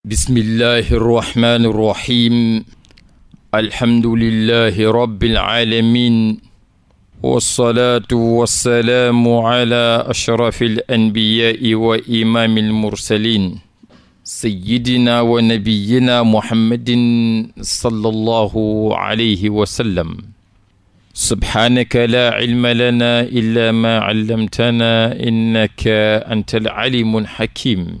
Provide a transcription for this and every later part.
bismillahi irrahmani irrahim alhamdulillahi rabbil alamin walsalaatu walsalaamu ala ashrafi alanbiyaai wa imaami almursalin sayidina wa nabiyina muhammadin sallallahu alayhi wa sallam subhaanaka laa cilma lana illa ma callamtana innaka anta alcalimu alxakim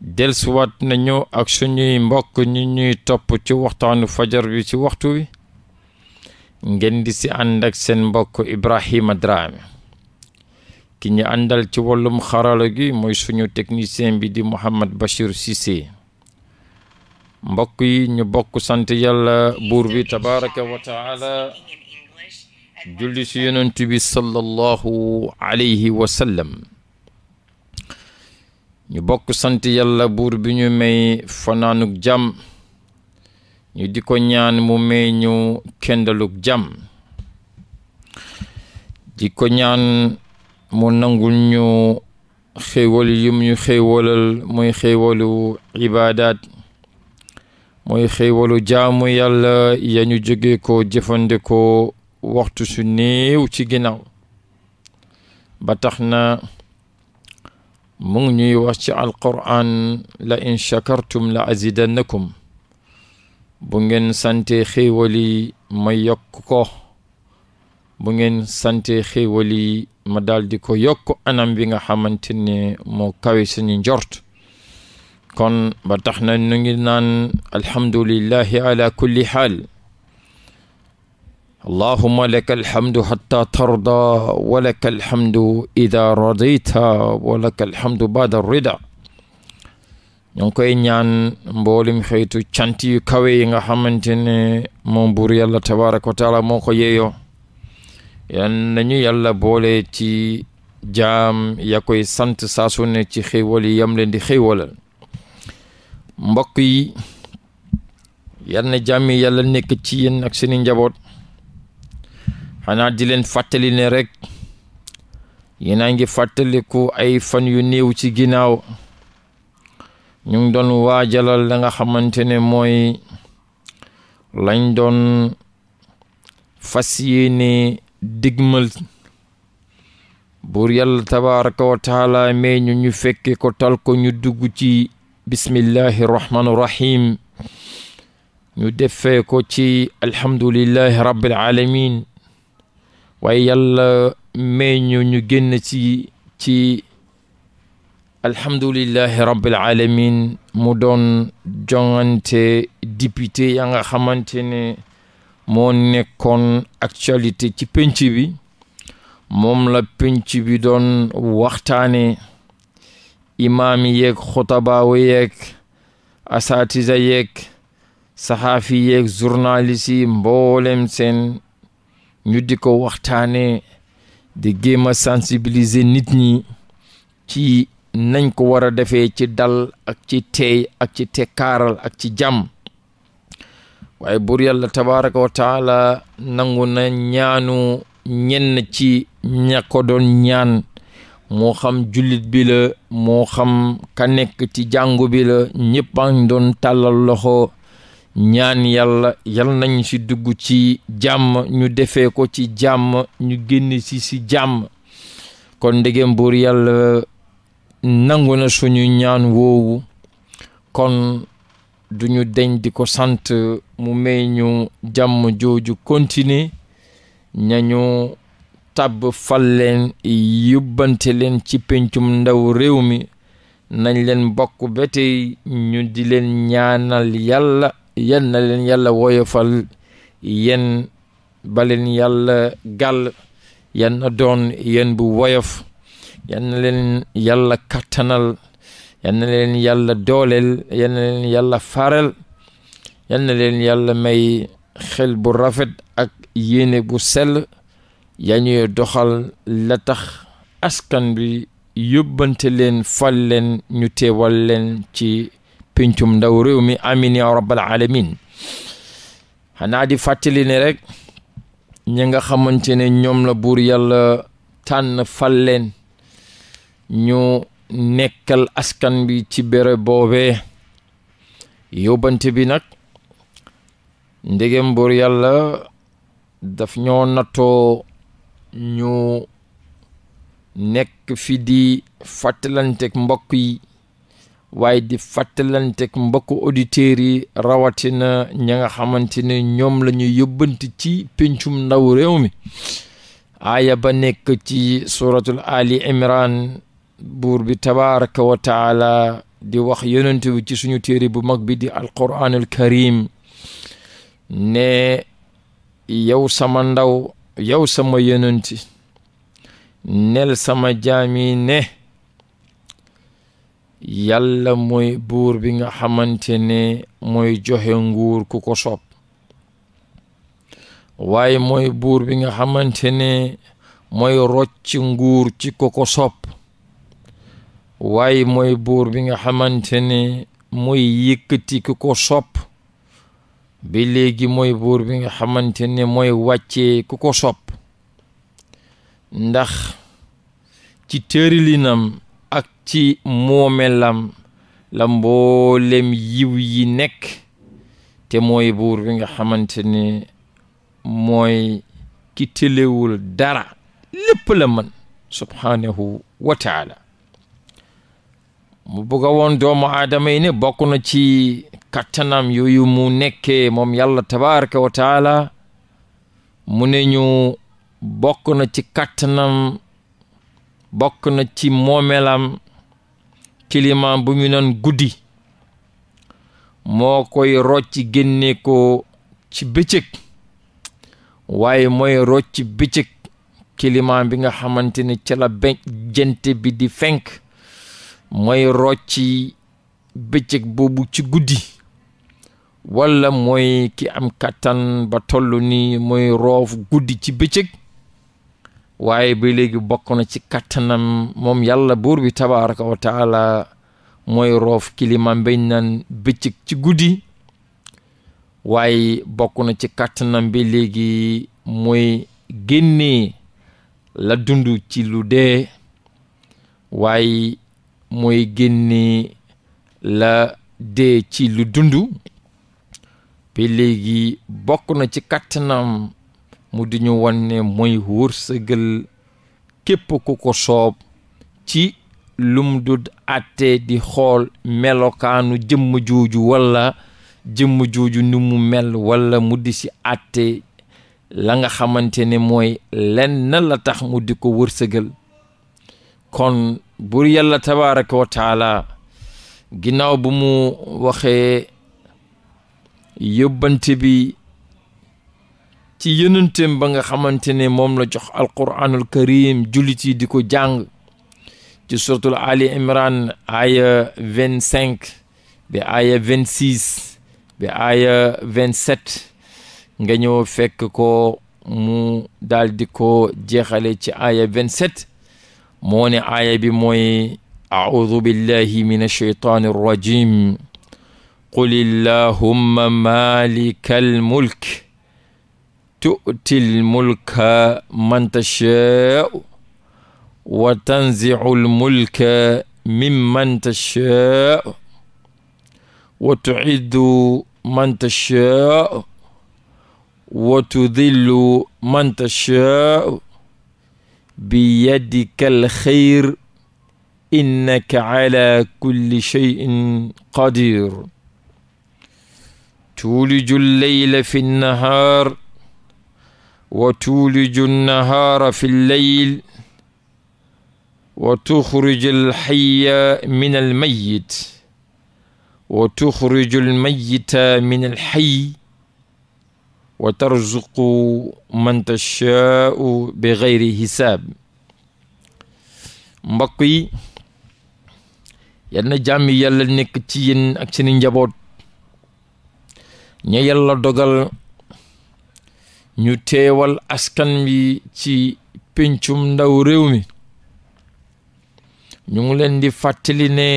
delsuwaat nañu ak suñuy mbokk ñi ñuy topp ci waxtaanu fajar bi ci waxtu wi ngeen di ci ànd ak seen mbokk Ibrahima Drame ki ñu àndal ci wàllum xarala gi mooy suñu technicien bi di Mouhamed Bachir Cissé mbokk yi ñu bokk sant yàlla buur bi tabaraka wa taala julli si yonent bi sallallahu alayhi wa sallam ñu bokk sant yàlla buur bi ñu may fanaanug jàmm ñu di ko ñaan mu may ñu kendalug jàmm di ko ñaan mu nangul ñu xéewal yum ñu xéewalal mooy xéewalu ibaadaat mooy xéewalu jaamu yàlla ya ñu jóge ko jëfandikoo waxtu su néew ci ginnaaw ba tax na mu ñuy wax ci la in shakartum la azidannakum bu ngeen sante xéewal yi ma yokk ko bu ngeen sante xéewal yi ma daldi ko yokk anam bi nga xamante ne moo kawe suñu njort kon ba tax na ñu ngi naan alhamdulillahi ala kulli xaal allahuma laka alhamdu hatta tarda wa laka alhamdu ida radayta wa alhamdu bada rida ñu ngi koy ñaan mboolem xëytu cant yu kawe yi nga xamante ne moom buur yàlla tabaraka wa moo ko yeeyoo yan nañu yàlla boole ci jaam yakoy sant saasu ne ci xéewal yi yam leen di xéewalal mbokk yi yal na jàmm yàlla nekk ci yéen ak seeni njaboot xanaa di leen fàttali ne rekk yéen a ngi fàttaliku ay fan yu néew ci ginnaaw ñu ngi doon waajalal la nga xamante ne mooy lañ doon fas yéene digmal buur yàlla tabaraka wa taala ñu ñu fekke ko tal ko ñu dugg ci bismillahi rahmaani rahim ñu defee ko ci alhamdulillahi rabbil alamin waaye yàlla ñu ñu génn ci ci alhamdulillahi rabbil alamin mu doon jongante député ya nga xamante ne moo nekkoon actualité ci penc bi moom la penc bi doon waxtaane imaam yeeg xotabaawu yeeg asaatiza yeeg saxaafi yeeg journaliste yi ñu di ko waxtaane di géem a sensibiliser nit ñi ci nañ ko war a defee ci dal ak ci teey ak ci tekaral ak ci jàmm waaye buur yàlla tabaraka wa taala nangu na ñaanu ñenn ci ña doon ñaan moo xam jullit bi la moo xam ka nekk ci jàngu bila la ñëpp a ngi doon tàllal loxo ñaan yàlla yal nañu ci dugg ci jàmm ñu defee ko ci jàmm ñu génn ci ci jàmm kon ndegem buur yàlla nangu na suñu ñaan woowu kon duñu deñ di ko sant mu may ñu jàmm jooju kontiné ñañu tàbb fal leen yubbante leen ci pencum ndaw réew mi nañ leen bokk ba ñu di leen ñaanal yàlla yan na leen yàlla woyofal yan ba yàlla gàll yan doon yan bu woyof yan leen yàlla kattanal yan leen yàlla dooleel yan leen yàlla faral yan leen yàlla may xel bu rafet ak yéene bu sel yaa ñuy doxal la tax askan bi yóbbante leen fal ñu teewal leen ci pincum ndaw réew mi amin ya rabbal alamin xanaa di fàttali ne rek ñi nga xamante ne ñoom la buur yàlla tànn fal leen ñu nekkal askan bi ci bere boobee bi nag ndegem buur yàlla daf ñoo nattoo ñu nekk fi di fàttalanteeg mbokk yi waaye di fàttalanteeg mbokku auditeurs yi rawatina ña nga xamante ne ñoom la yóbbanti ci pencum ndaw réew mi aaya ba nekk ci suratul ali imran buur bi tabaraka wa di wax yonent bi ci suñu téere bu mag bi di alquranul karim ne yow sama ndaw yow sama yonenti nel sama jaami ne yàlla mooy buur bi nga xamante ne mooy joxe nguur ku ko soob waaye mooy buur bi nga xamante ne mooy rocc nguur ci ku ko soob waaye mooy buur bi nga xamante ne mooy yëkkati ku ko soob bi léegi mooy buur bi nga xamante ne mooy wàccee ku ko soob ndax ci tërilinam ak ci moomelam la mboolem yiw yi nekk te mooy buur bi nga xamante ne mooy ki tëlewul dara lépp la mën subhaanahu wa mu bëgg woon doomu aadama yi ne bokk na ci kattanam yooyu mu nekkee moom yàlla tabaraka wa mu ne ñu bokk ci kattanam bokk na ci moomeelam kilima bu ñu naan guddi moo koy rocc génne ko ci bëccëg waaye mooy rocc bëccëg kilimaam bi nga xamante ne ca la jant bi di fenk mooy rocc bëccëg boobu ci guddi walla mooy ki am kattan ba toll ni mooy roof guddi ci bëccëg waaye ba léegi bokk na ci kattanam moom yàlla buur bi tabaraka wa mooy roof kilimaam bañ naan bëccëg ci guddi waaye bokk na ci kattanam ba léegi mooy génnee la dund ci lu dee waaye mooy génnee la dee ci lu dundu ba léegi bokk na ci kattanam mu di ñu wan ne mooy wërsëgal képp ku ko soob ci lum du àttee di xool melokaanu jëmm jooju walla jëmm jooju ni mu mel walla mu di si àttee la nga xamante ne mooy lenn la tax mu di ko wërsëgal kon buur yàlla tabaaraka wa taala ginnaaw bu mu waxee yóbbante bi ci yonenteem ba nga xamante ne moom la jox alquranul karim jullit yi di ko jàng ci suratul ali imran aaya vingt cinq bi aaya vingt six bi aaya vingt nga ñëw fekk ko mu daal di ko jeexale ci aaya vingt sept moo ne aaya bi mooy audu billahi min alsheytaani arrajim qul illahumma malika almulk tu'til mulka man tashaa'u wa tanzi'ul mulka mimman tashaa'u wa tu'izzu man tashaa'u wa tudillu man tashaa'u biyadika alxayr innaka ala kulli shay'in qadir tuuliju llayla fi nnahaar wa tuuliju nnahaara fi lleyl wa tuxriju alxaya min almayit wa tuxriju almayita min alxay wa tarzuqu man tachaau bi geyri hisaab mbokk yi yal na jàmm yàlla nekk ci yéen ak seeni njaboot ña yàlla dogal ñu teewal askan wi ci pencum ndaw réew mi ñu ngi leen di fàttali ne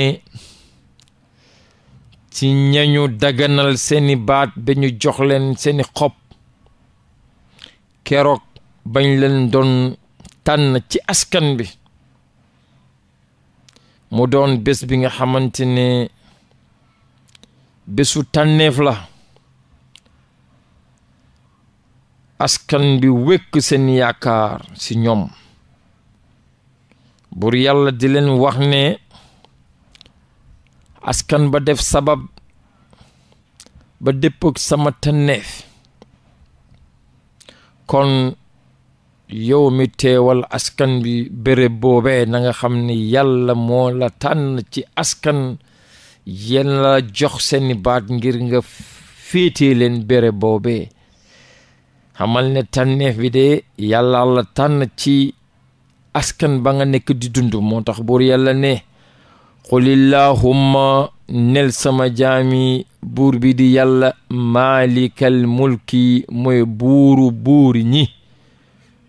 ci ñañu daganal seeni baat ba ñu jox leen seeni xob keroog bañ leen doon tànn ci askan bi mu doon bés bi nga xamante ne bésu tànneef la askan bi wékk seen yaakaar ci ñoom buur yàlla di leen wax ne askan ba def sabab ba dëppook sama tànneef kon yow mi teewal askan bi bërëb boobe nanga xam ne yàlla moo la tànn ci askan yéen la jox seeni baat ngir nga féetee leen béréb boobee xamal ne tànneef bi de yàlla la tànn ci askan ba nga nekk di dund moo tax buur yàlla ne qulillahumma nel sama jaami buur bi di yàlla maalikal mulki mooy buuru buur ñi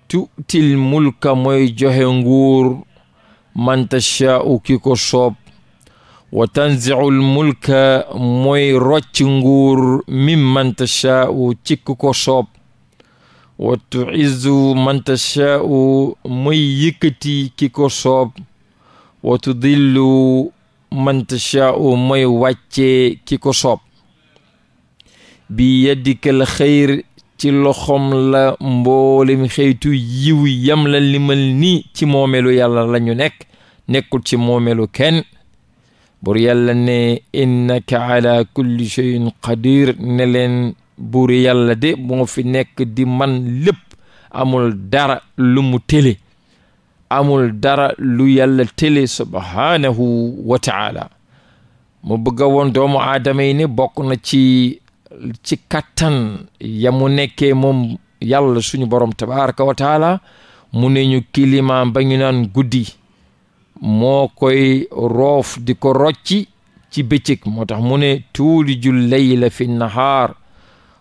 tutil mulka mooy joxe nguur man tashaa'u ki ko soob wa tanziul mulka mooy rocc nguur mim man tashaa'u cikk ko soob wa tuizzu man tashaau muy yëkkati ki ko soob wa tudillu man tashaau mooy wàccee ki ko soob bi yaddikal xayr ci loxom la mboolem xëytu yiw yam la limal ni ci moomelu yàlla lañu nekk nekkul ci moomelu kenn bur yàlla ne innaka ala kulli shay'in qadir ne leen buur yàlla de moo fi nekk di man lépp amul dara lu mu télé amul dara lu yàlla télé subhaanahu wa taala mu bëgg a woon doomu aadama yi ni bokk na ci ci kattan yamu nekke nekkee moom yàlla suñu borom tabaraka wa mu ne ñu kilima ba ñu naan guddi moo koy roof di ko rocci ci bëccëg moo tax mu ne tuuliju layla fi nahaar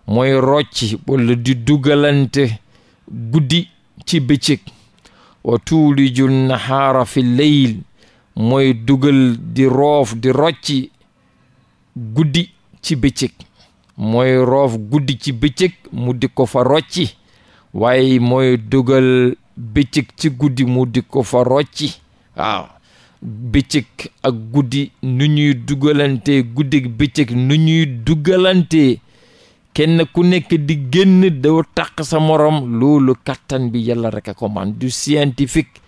mooy rocci walla di dugalante guddi ci bëccëg wa tuuliju nahaara fi leyl mooy dugal di roof di rocci guddi ci bëccëg mooy roof guddi ci bëccëg mu di ko fa rocci waaye mooy dugal bëccëg ci guddi mu di ko fa rocci waaw bëccëg ak guddi nu ñuy dugalante guddi bëccëg nu ñuy dugalante kenn ku nekk di génn doo taq sa morom loolu kattan bi yàlla rek a ko man du scientifique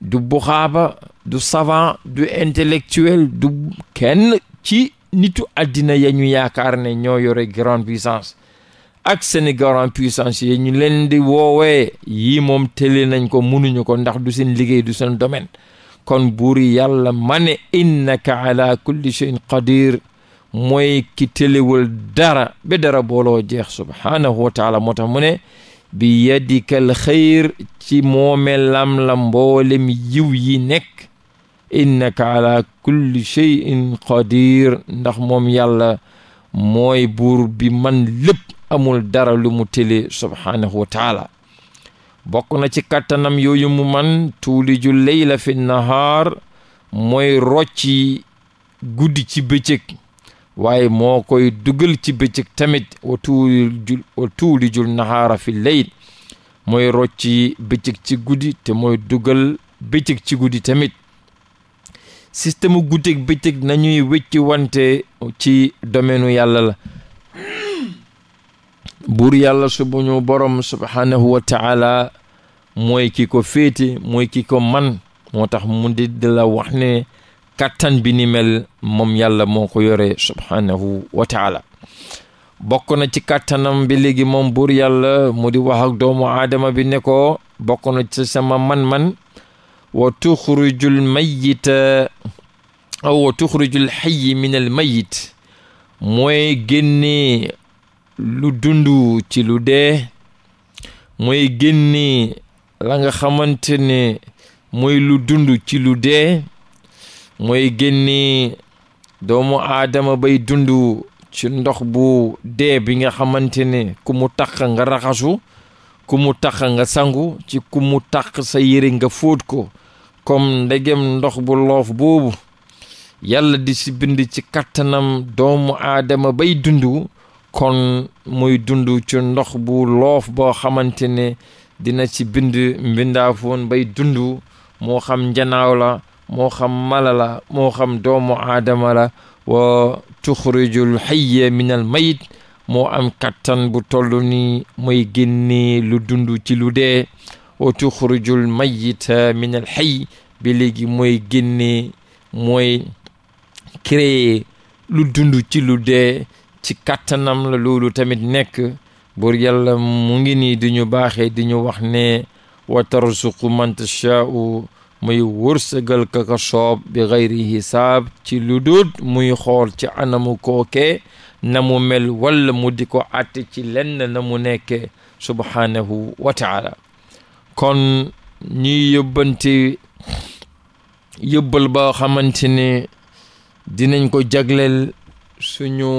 du buxaaba du savant du intellectuel du kenn ci nitu àddina ya ñu yaakaar ne ñoo yore grande puissance ak seeni grande puissance yi ñu leen di woowee yii moom tële nañ ko munuñu ko ndax du seen liggéey du seen domaine kon buuri yàlla ma ne innaka ala kulli shay'in qadir mooy ki téliwul dara ba dara booloo jeex subhaanahu wa taala mu ne bi yadikal xayr ci moome lam la mboolem yiw yi nekk innaka ala kulli shay'in qadir ndax moom yàlla mooy buur bi man lépp amul dara lu mu tële subhaanahu wa bokk na ci kàttanam yooyu mu man tuuliju leyla fi nahaar mooy rocci guddi ci bëccëg waaye moo koy dugal ci bëccëg tamit wa tuulijul wa tuulijul nahaara fi leyl mooy rocci bëccëg ci guddi te mooy dugal bëccëg ci guddi tamit système guddeeg bëccëg nañuy wécci wante ci domaine yàlla la buur yàlla subuñu borom subhaanahu wa taala mooy ki ko féete mooy ki ko man moo tax mu di la wax ne kàttan bi ni mel moom yàlla moo ko yore subhaanahu wa taala bokk na ci kàttanam bi léegi moom buur yàlla mu di wax ak doomu aadama bi ne ko bokk na ci sama man-man wa tuxrijul mayyita aw wa tuxrijul xayyi min al mayyit mooy génne lu dund ci lu dee mooy génne la nga xamante ne mooy lu dund ci lu dee mooy génne doomu aadama bay dund ci ndox bu dee bi nga xamante ne ku mu taq nga raxasu ku mu taq nga sangu ci ku mu taq sa yére nga fóot ko comme ndegem ndox bu loof boobu yàlla di ci bind ci kattanam doomu aadama bay dundu kon muy dund ci ndox bu loof boo xamante ne dina ci bind mbindaafoon bay dund moo xam njanaaw la moo xam mala la moo xam doomu aadama la wa tuxrijul xayya min mayit moo am kattan bu toll ni mooy génnee lu dund ci lu dee wa tuxrijul mayita min al xay bi léegi mooy génnee mooy créer lu dund ci lu dee ci kattanam la loolu tamit nekk buur yàlla mu ngi nii di ñu baaxee wax ne wa tarzuqu man tashaa'u muy wërsëgal ka soob bi xayri hisaab ci lu dul muy xool ci anamu kooke na mu mel wala mu di ko àtte ci lenn na mu nekke subhaanahu wa taala kon ñuy yóbbanti yóbbal ba xamante ne dinañ ko jagleel suñu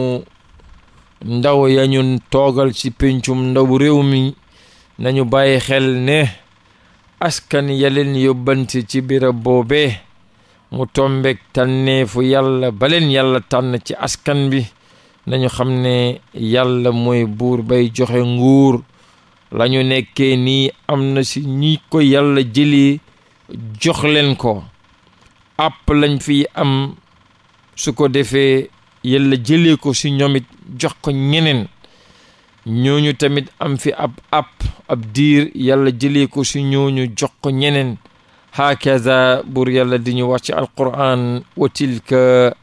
ndaw yañu ñun toogal ci pencum ndaw réew mi nañu bàyyi xel ne askan yaleen yóbbante ci birab boobee mu tombek tànneefu yàlla baleen yàlla tànn ci askan bi nañu xam ne yàlla mooy buur bay joxe nguur lañu nekkee nii am na si ñi ko yàlla jëlee jox leen ko àpp lañ fi am su ko defee yàlla jëlee ko si ñoom it jox ko ñeneen ñooñu tamit am fi ab ab ab diir yàlla jëlee ko si ñooñu jox ko ñeneen haakaza buur yàlla di ñu wax ci alquran wa tilka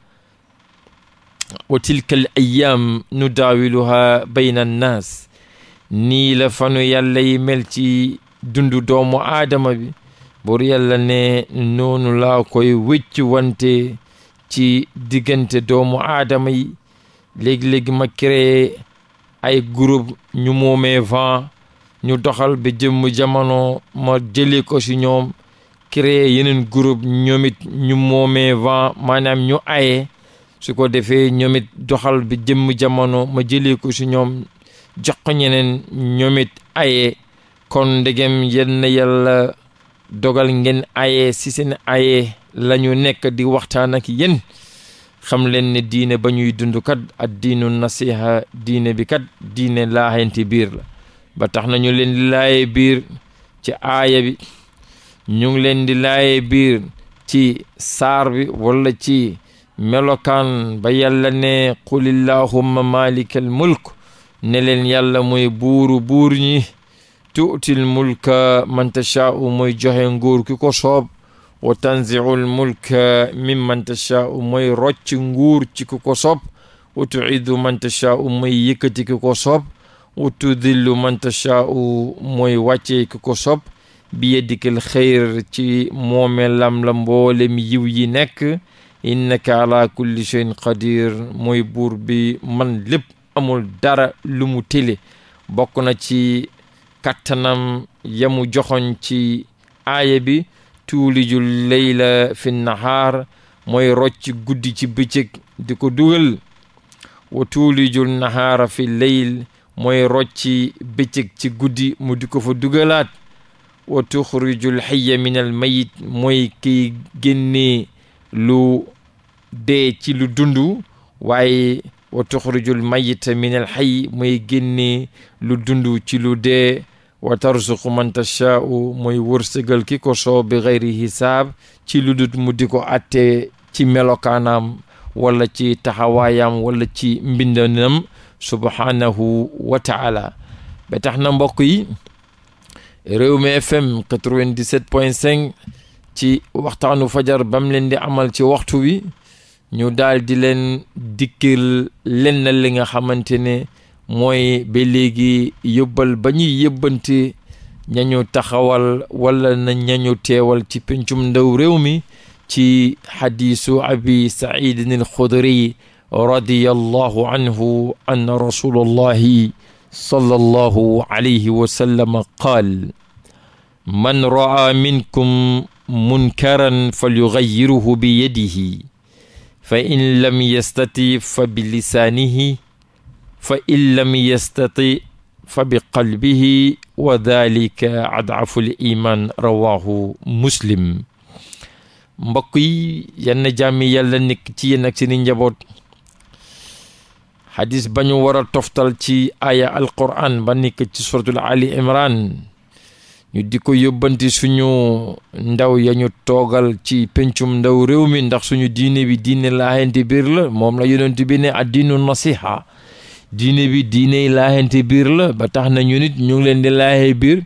wa tilka al ayam nu daawiluha bayna annaas nii la fanu yàlla yi mel ci dundu doomu aadama bi buur yàlla ne noonu laa koy wante ci diggante doomu aadama yi léegi-léegi ma ay groupe ñu moomee vent ñu doxal ba jëmm jamono ma jëlee ko ci ñoom créer yeneen groupe ñoom it ñu moomee vent maanaam ñu aye su ko defee ñoom it doxal bi jëmm jamono ma jëlee ko ci ñoom jox ko ñeneen ñoom it aye kon ndegem yenn yàlla dogal ngeen aye si seen aye la ñu nekk di waxtaan ak yéen xam leen ne diine ba ñuy dund kat ak diinu nasiha diine bi kat diine laayante biir la ba tax na ñu leen di laaye biir ci aaya bi ñu ngi leen di laaye biir ci saar bi walla ci melokaan ba yàlla ne qulillahumma malikal mulk ne leen yàlla mooy buuru buur ñi tuutil mulka man tashaa'u moy joxe nguur ki ko soob wa tanziul mulka mimman tashaau mooy nguur ci ku ko soob wa tuidu man tashaau mooy yëkkati ko soob wa tudillu man tashaau mooy wàccee ko soob bi yeddikal xeyr ci moomelam la mboolem yiw yi nekk innaka ala kulli cheyin qadir mooy buur bi man lépp amul dara lu mu tële bokk na ci kattanam yamu joxoñ ci aaya bi tuuliju leyla fi nahaar mooy rocc guddi ci bëccëg di ko dugal wa tuuliju nahaara fi leyl mooy rocci bëccëg ci guddi mu di ko fa dugalaat wa tuxrijul xayya min al mayit mooy kiy génnee lu dee ci lu dund waaye wa tuxrijul mayita min al xay mooy génnee lu dund ci lu dee wa tarzuqu man tashaa'u mooy wërsëgal ki ko bi xayri hisaab ci lu mu di ko àttee ci melokaanam wala ci taxawaayam wala ci mbindanam subhaanahu wa taala ba na mbokk yi Rewmi FM 97.5 ci waxtaanu fajar bam leen di amal ci waxtu wi ñu daal di leen dikkil len na li nga xamante ne mooy ba léegi yóbbal ba ñuy yëbbante ñañu taxawal wala na ñañu teewal ci pencum ndaw réew mi ci xadiisu abi saidin alxudri radiyallahu anhu anna rasulullahi sallallahu alayhi wa sallam qaal man ra'a minkum munkaran falyughayyirhu bi yadihi fa in lam yastati fa bi lisaanihi fa in lam yastati fa bi qalbihi wa dalika adaful iman rawahu muslim mbokk yi yenn jàmmi yàlla ci yéen ak seeni njaboot xadis bañu ñu war a toftal ci aaya alquran ba ci suratul ali imran ñu di ko yóbbanti suñu ndaw ya ñu toogal ci pencum ndaw réew mi ndax suñu diine bi diine laayante biir la moom la yonent bi addiinu nasiha diine bi diiney ti biir la ba tax na ñu nit ñu leen di laahe biir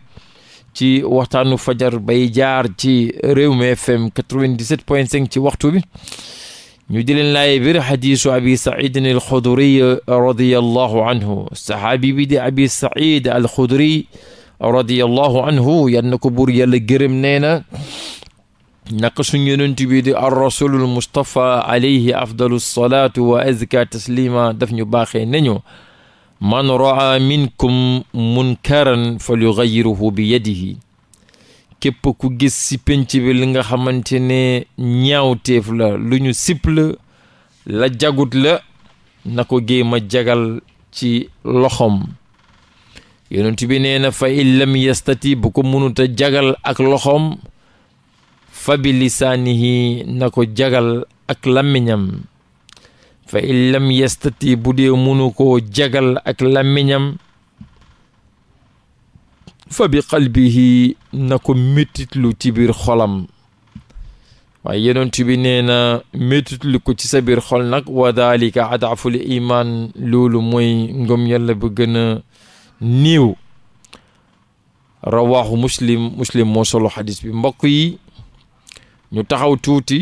ci waxtaanu fajar bay jaar ci Rewmi FM 97.5 ci waxtu bi ñu di leen laaye biir xadiisu abi saidin al xudri radiallahu anhu sahaabi bi di abi said al xudri radiallahu anhu yal na ko buur yàlla gërëm nee na naka suñ yonent bi di ar rasulul mustapha alayhi salaatu wa azka taslima daf ñu baaxee nañu man raa minkum munkaran falyughayyirhu bi yadihi képp ku gis si pénc bi li nga xamante ne ñaawteef la lu ñu sip la la jagut la na ko géema jagal ci loxom yonent bi nee na fa in yastati bu ko mënuta jagal ak loxom fa bi lisaanihi na ko jagal ak làmmiñam fa in lam yastati bu dee munu koo jagal ak làmmiñam fa bi qalbihi na ko métitlu ci biir xolam waaye yonent bi nee na métitlu ko ci sa biir xol nag wa daalika adaful iman loolu mooy ngëm yàlla bu gën a niiw rawaahu muslim muslim moo solo xadis bi mbokk yi ñu taxaw tuuti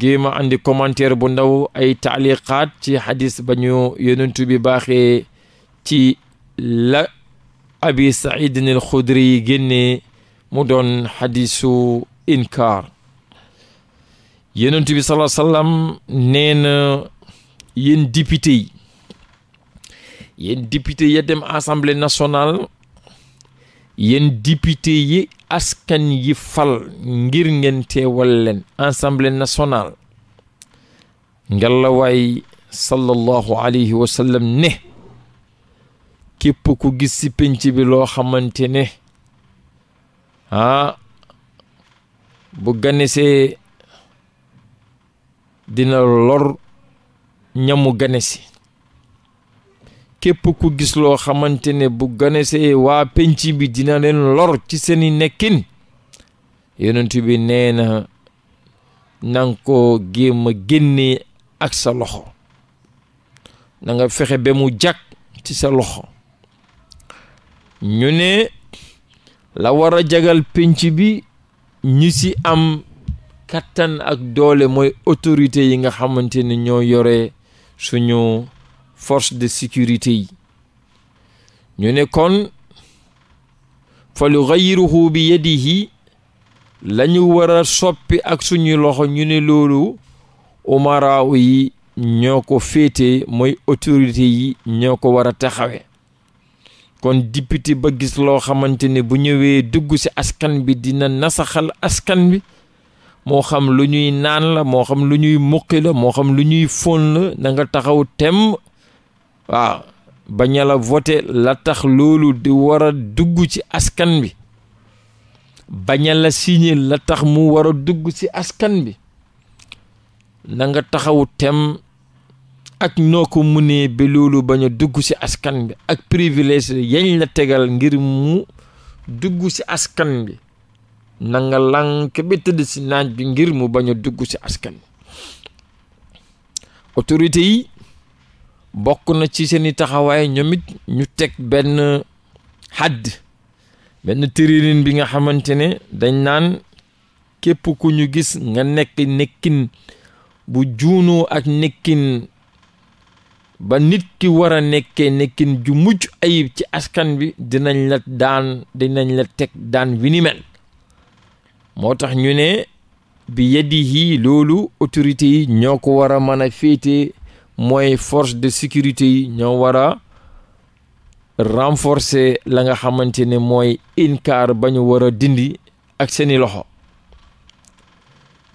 géem a andi commentaire bu ndaw ay taaliqaat ci xadis ba ñu yonentu bi baaxee ci la abi saidin al xudri yi génnee mu doon xadisu inkaar yonentu bi salaa sallam nee na yéen député yi yéen député ya dem assemblée nationale yéen député yi askan yi fal ngir ngeen teewal leen assemblée nationale ngelawaay sallallahu alayhi wa ne képp ku gis ci pénc bi loo xamante ne ah bu ganesee dina lor ñamu ganesi képp ku gis loo xamante ne bu ganesee waa pénc bi dina leen lor ci seeni nekkin yonent bi nee na nanga ko géem a ak sa loxo na nga fexe ba mu jàkk ci sa loxo ñu ne la war a jagal pénc bi ñu ci am kattan ak doole mooy autorité yi nga xamante ne ñoo yore suñu force de sécurité yi ñu ne kon falu xayiruhu bi yadihi la ñu war a soppi ak suñu loxo ñu ne loolu umaraaw yi ñoo ko féete mooy autorité yi ñoo ko war a taxawe kon député ba gis loo xamante ne bu ñëwee dugg ci askan bi dina nasaxal askan bi moo xam lu ñuy naan la moo xam lu ñuy muqi la moo xam lu ñuy fonn la taxaw temm waaw bañ a la tax loolu di wara a dugg ci askan bi bañ a la tax mu wara dugg ci askan bi nanga taxawu tem ak noo ko munee ba loolu bañ dugg ci askan bi ak privilège yañ la tegal ngir mu dugg ci askan bi nanga nga lànk bi tëdd ci naaj bi ngir mu bañ dugg ci askan bi autorité yi bokk na ci seeni taxawaay ñoomit ñu teg benn xadd benn tëririn bi nga xamante ne dañ naan képp ku ñu gis nga nekk nekkin bu juunoo ak nekkin ba nit ki war a nekkee nekkin ju mujj ayib ci askan bi dinañ la daan dinañ la teg daan wi ni moo tax ñu ne bi yadihi loolu autorité yi ñoo ko war a mën a féete mooy forse de sécurité yi ñoo war a renforcer la nga xamante ne mooy inkaar ba ñu war a dindi ak seeni loxo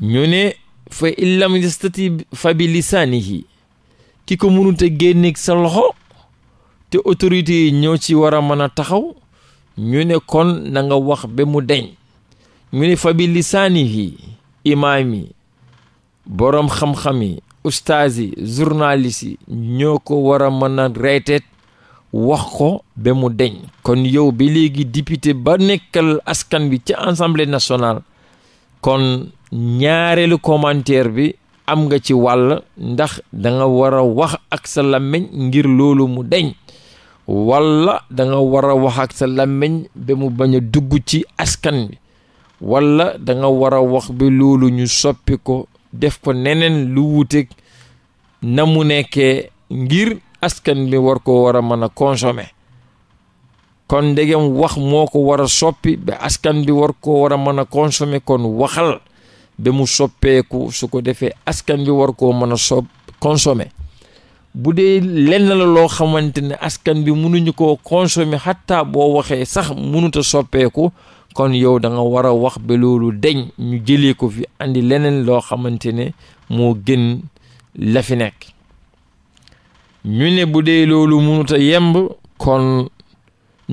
ñu ne fa illam yastati fa bi ki ko mënut a génne sa loxo te autorités yi ñoo ci war a mën a taxaw ñu ne kon na wax ba mu deñ ñu ne fa bi lisaanihi imaam yi boroom xam-xam yi ustaas yi journaliste yi ñoo ko war a mën a reyteet wax ko ba mu deñ kon yow ba léegi député ba nekkal askan bi ci assemblée nationale kon ñaareelu commentaire bi am nga ci wàll ndax danga nga war a wax ak sa làmmiñ ngir loolu mu deñ walla da nga war a wax ak sa làmmiñ be mu bañ a dugg ci askan bi walla da nga wax ba loolu ñu soppi ko def ko neneen lu wuuteeg na mu nekkee ngir askan bi war ko war a mën a consommer kon ndegam wax moo ko war a soppi ba askan bi war ko war a mën a consommer kon waxal ba mu soppeeku su ko defee askan bi war ko mën a sopp consommer bu dee lenn loo xamante ne askan bi mënuñu koo consommer xatta boo waxee sax mënut a soppeeku kon yow da nga war a wax ba loolu deñ ñu jëlee ko fi andi leneen loo xamante ne moo gën la fi nekk ñu ne bu dee loolu mënut a yemb kon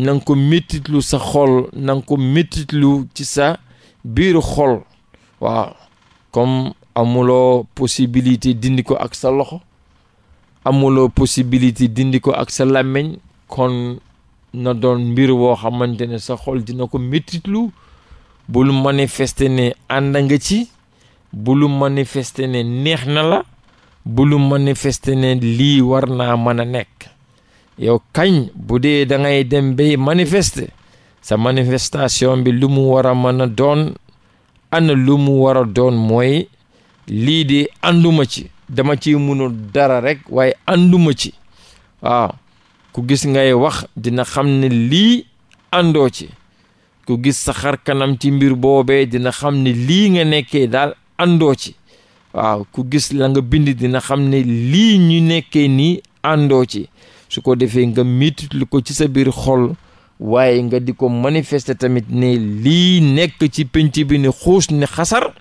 na nga ko méttitlu sa xol na ko méttitlu ci sa biiru xol waaw comme amuloo possibilité dindi ko ak sa loxo amuloo possibilité dindi ko ak sa làmmiñ kon na doon mbir woo xamante ne sa xol dina ko méttitlu bul manifester ne ànd nga ci bul manifester ne neex na la bulu manifester ne lii war naa mën a nekk yow kañ bu dee da ngay dem bay manifester sa manifestation bi lu mu war a mën a doon ana lu mu war a doon mooy lii di ànduma ci dama ci mënul dara rekk waaye ànduma ci waaw ku gis ngay wax dina xam ne lii àndoo ci ku gis sa xar kanam ci mbir boobee dina xam ne lii nga nekkee daal àndoo ci waaw ku gis la nga bind dina xam ne lii ñu nekkee nii àndoo ci su ko defee nga miitutlu ko ci sa biir xol waaye nga di ko manifester tamit ne lii nekk ci pénc bi ne xuus ne xasar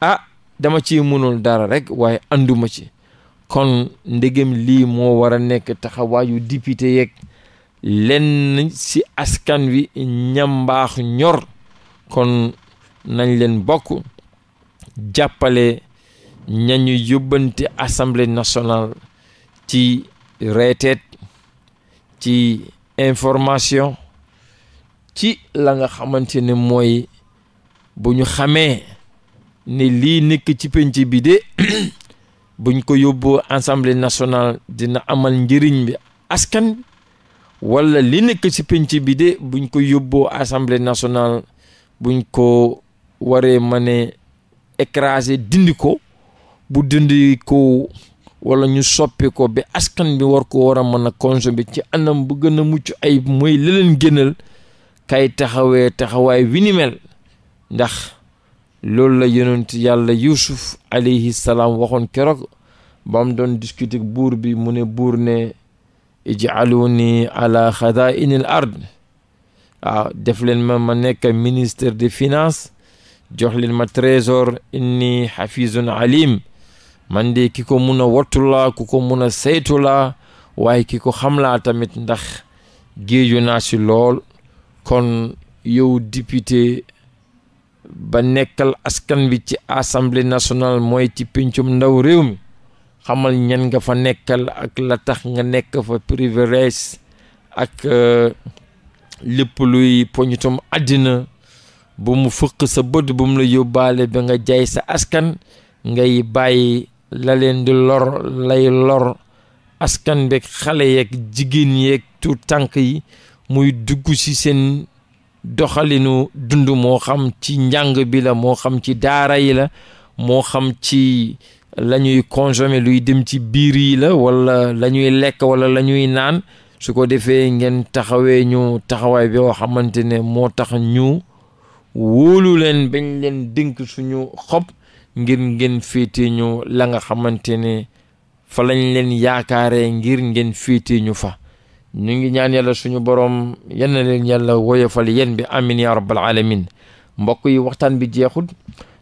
ah dama ci mënul dara rek waaye ànduma ci kon ndegem lii moo war a nekk taxawaayu député yeeg lenn ci askan wi ñambaax ñor kon nañ leen bokk jàppale ñañu yóbbante assemblée national ci reeteet ci information ci la nga xamante ne mooy bu ñu xamee ni lii nekk ci penc bi de buñ ko yóbboo assemblée nationale dina amal njëriñ bi askan wala li nekk si penc bi de buñ ko yóbboo assemblée nationale buñ ko waree mane écraser dindi ko bu dindi ko wala ñu soppi ko ba askan bi war ko war a mën a consommer ci anam bu gën a mucc ay mooy la leen gënal kay taxawee taxawaay wi ndax loolu la yonent yàlla yuusuf alayhi salaam waxoon keroog ba doon discuter buur bi mu ne buur ne ij'aluni ala xadaa'inil ard waaw def leen ma ma nekk ministre des finance jox leen ma trésor inni xafizun alim man de ki ko mun a wattu laa ko mun a saytu laa waaye ki ko xam laa tamit ndax géeju naa si lool kon yow député ba nekkal askan bi ci assemblée nationale mooy ci pincum ndaw réew mi xamal ñan nga fa nekkal ak la tax nga nekk fa privilège ak euh, lépp luy poñutum àddina bu mu fëq sa bët bu mu la yóbbaale ba nga jaay sa askan ngay bàyyi la leen di lor lay lor askan beeg xale yeeg jigéen yeeg tuut tànk yi muy dugg ci seen doxalinu dund moo xam ci njàng bi la moo xam ci daara yi la moo xam ci lañuy ñuy luy dem ci biir yi la wala lañuy lekk wala lañuy naan su ko defee ngeen taxawee ñu taxawaay bi yoo xamante ne moo tax ñu wóolu leen bañ leen dénk suñu xob ngir ngeen féete ñu la nga xamante ne fa lañ leen yaakaare ngir ngeen féete fa ñu ngi ñaan yàlla suñu borom yenn leen yàlla woyofal yen bi amin ya rabbal alamin mbokk yi waxtaan bi jeexul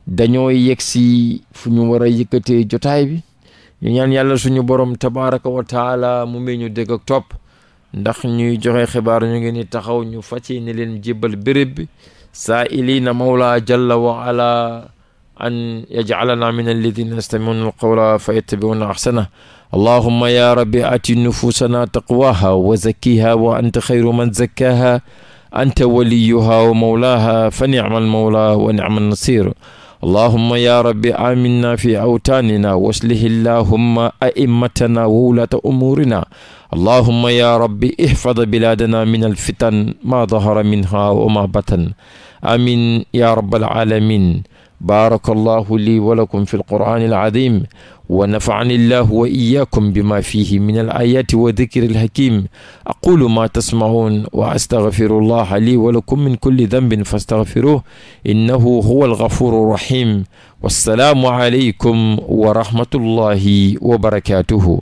dañoo yegg si fu ñu war a yëkkatee jotaay bi ñu ñaan yàlla suñu borom tabaraka wa mu may ñu dégg ak topp ndax ñuy joxe xibaar ñu ngi ni taxaw ñu fàccee ne leen jébbal béréb bi saa ilina mawla jalla wa ala an yajcalana min alladina yastamiuna alqawla fa yattabiuna ahsana allahuma ya rabbi ati nufusana taqwaha wa zakkiha wa anta xayru man zakkaha anta waliyuha wa mawlaha fa nicma almawla wa nicma alnasir allahuma ya rabbi aminna fi awtaanina wa aslih allahumma a'immatana wa wulata umuurina allahuma ya rabbi ihfad bilaadana min alfitan ma dahara minha wa ma batan amin ya rabbal alamin baaraka allahu lii wa lakum fi alqur'ani alazim wa nafa'ani allahu wa iyyakum bima fihi min alayati wa dhikri alhakim aqulu ma tasma'un wa astaghfiru allaha lii wa lakum min kulli dhanbin fastaghfiruhu innahu huwa alghafuru rahim wassalaamu alaykum wa rahmatullahi wa barakatuhu